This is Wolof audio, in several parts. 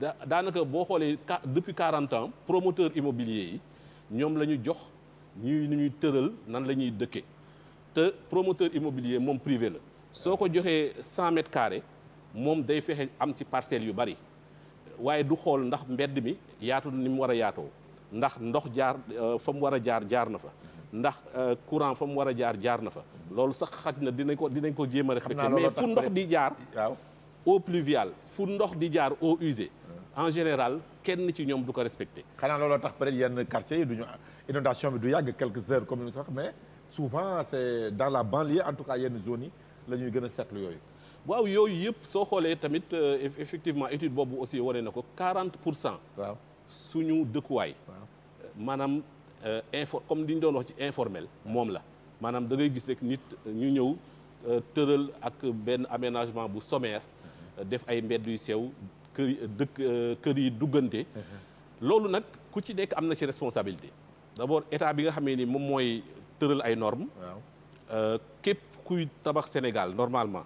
daanaka boo xoolee depuis quarante ans promoteur immobilier yi ñoom la ñu jox ñuy nu ñuy tëral nan la ñuy dëkkee te promoteur immobilier moom privé la soo ko joxee 100 mètres moom day fexe am ci parcelles yu bari waaye du xool ndax mbedd mi yaatu ni mu war a yaatoo ndax ndox jaar euh, fa mu war a jaar jaar na fa ndax euh, courant fa mu war a jaar jaar na fa loolu sax xaj na dinañ ko dinañ ko jéem a respecté mais fu ndox di jaar eau pluvial fu ndox di jaar eau usée en général kenn ci ñoom du ko respecté. xanaa looloo tax peut-être yenn quartiers yi du ñu inondation bi du yàgg quelques heures comme ni sax mais souvent c'est dans la banlieue en tout cas yenn zones yi la ñuy gën a seetlu yooyu. waaw yooyu yëpp soo xoolee tamit euh, effectivement étude boobu aussi wane na ko 40 pour cent. suñu dëkkuwaay. maanaam euh, info comme li ñu doon wax ci informel. moom la maanaam dangay gis rek nit ñu ñëw euh, tëral ak benn aménagement bu somaire mm-hmm. def ay mbedd yu sew kër dëkk euh, kër yi duggante loolu nag ku ci nekk am na ci responsabilité d'abord état bi nga xamee ni moom mooy tëral ay normes euh, képp kuy tabax Sénégal normalement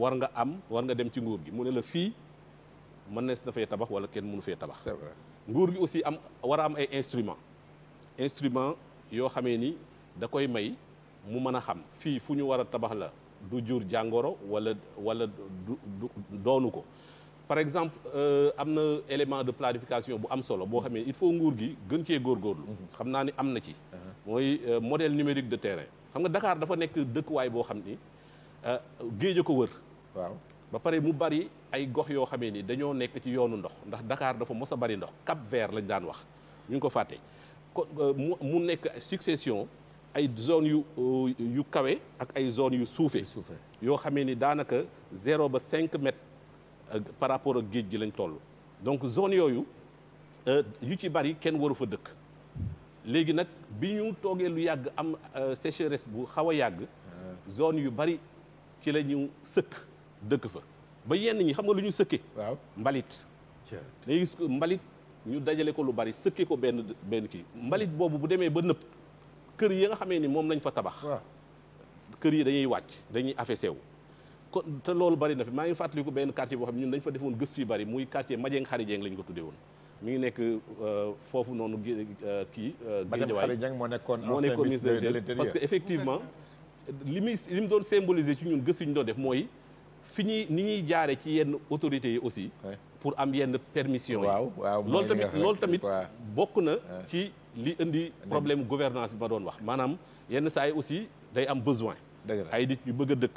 war nga am war nga dem ci nguur gi mu ne la fii mën nees na fee tabax wala kenn mënu fee tabax nguur gi aussi am war a am ay instruments instruments yoo xamee ni da koy may mu mën a xam fii fu ñu war a tabax la du jur jàngoro wala wala du doonu ko par exemple euh, am na élément de planification bu am solo boo xamee il faut nguur gi gën cee góorgóorlu. Mhm. xam naa ni am na ci. Mhm. mooy euh, modèle numérique de terrain. xam nga dakaar dafa nekk dëkkuwaay boo xam ni euh, géej a ko wër. waaw ba pare mu bari ay gox yoo xamee ni dañoo nekk ci yoonu ndox ndax dakaar dafa mos a bari ndox Cap Vert lañ daan wax ñu ngi ko fàtte. ko mu nekk succession ay zone yu yu kawe ak ay zone yu suufe yoo xamee ni daanaka zéro ba cinq mètres. par rapport ak géej gi lañ toll donc zone yooyu euh, yu ci bari kenn waru fa dëkk léegi nag bi ñu toogee lu yàgg am euh, sécheresse bu xaw a yàgg ah. zone yu bari ci la ñu sëkk dëkk fa ba yenn ñi xam nga lu ñu sëkkee mbalit dañuy gis mbalit ñu dajale ko lu bari sëkkee ko benn benn kii mbalit boobu bu demee ba nëpp kër yi nga xamee ni moom lañ fa tabax kër yi dañuy wàcc dañuy affaissé wu te loolu bari na fi maa ngi fàttaliku benn quartier boo xam ñun dañ fa defoon gëstu yu bari muy quartier Madieng Khary Dieng lañ ko tuddee woon mi ngi nekk euh, foofu noonu euh, kii euh, Guédiawaye Khary moo nekkoon ministre de l'intérieur parce que li muy li mu doon symboliser ci ñun gës ñu doon def mooy fi ñuy ni ñuy jaare ci yenn autorités yi aussi pour am yenn permission yi waaw waaw loolu tamit loolu tamit bokk na ci li indi problème gouvernance bi ma doon wax maanaam yenn saa yi aussi day am besoin ay nit ñu bëgg dëkk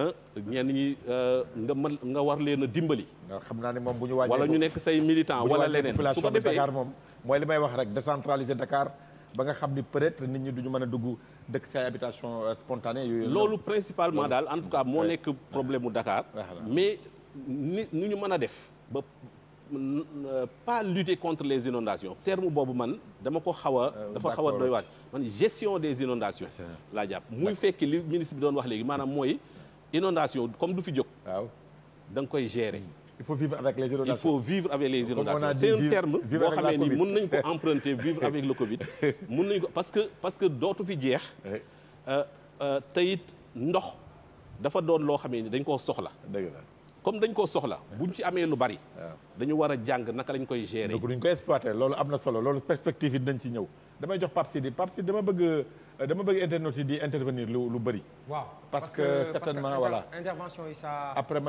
ah ñenn ñi euh, nga mën nga war leen a dimbali xam naa ne moom bu ñu waajee wala ñu nekk say militant wala leneen su ko defee Dakar moom mooy li may wax rek décentraliser dakaar ba nga xam ni peut-être nit ñi duñu mën a dugg dëkk say habitation euh, spontanée loolu principalement daal en tout cas moo nekk problème mu Dakar mais ni nu ñu mën a def ba pas lutter contre les inondations terme boobu man dama ko xaw a euh, dafa xaw a doy waat man gestion des inondations laa jàpp muy fekk li ministre bi doon wax léegi maanaam mooy inondation comme du fi jóg danga koy gérer il faut vivre avec les inondations il faut vivre les inondations c'est un terme boo xamee ni mën nañ ko emprunter vivre avec le Covid mën nañ ko parce que parce que dootu fi jeex euh, euh, teyit ndox dafa doon loo xamee ni dañ koo soxla dëgg comme dañ koo soxla buñ ci amee lu bari. Ah. dañu war a jàng naka lañ koy gérer. donc duñ ko exploiter loolu am na solo loolu perspective yi dinañ ci ñëw damay jox Pape Sidi Pape dama bëgg dama bëgg internautes yi di intervenir lu bari. parce que certainement voilà intervention yi ça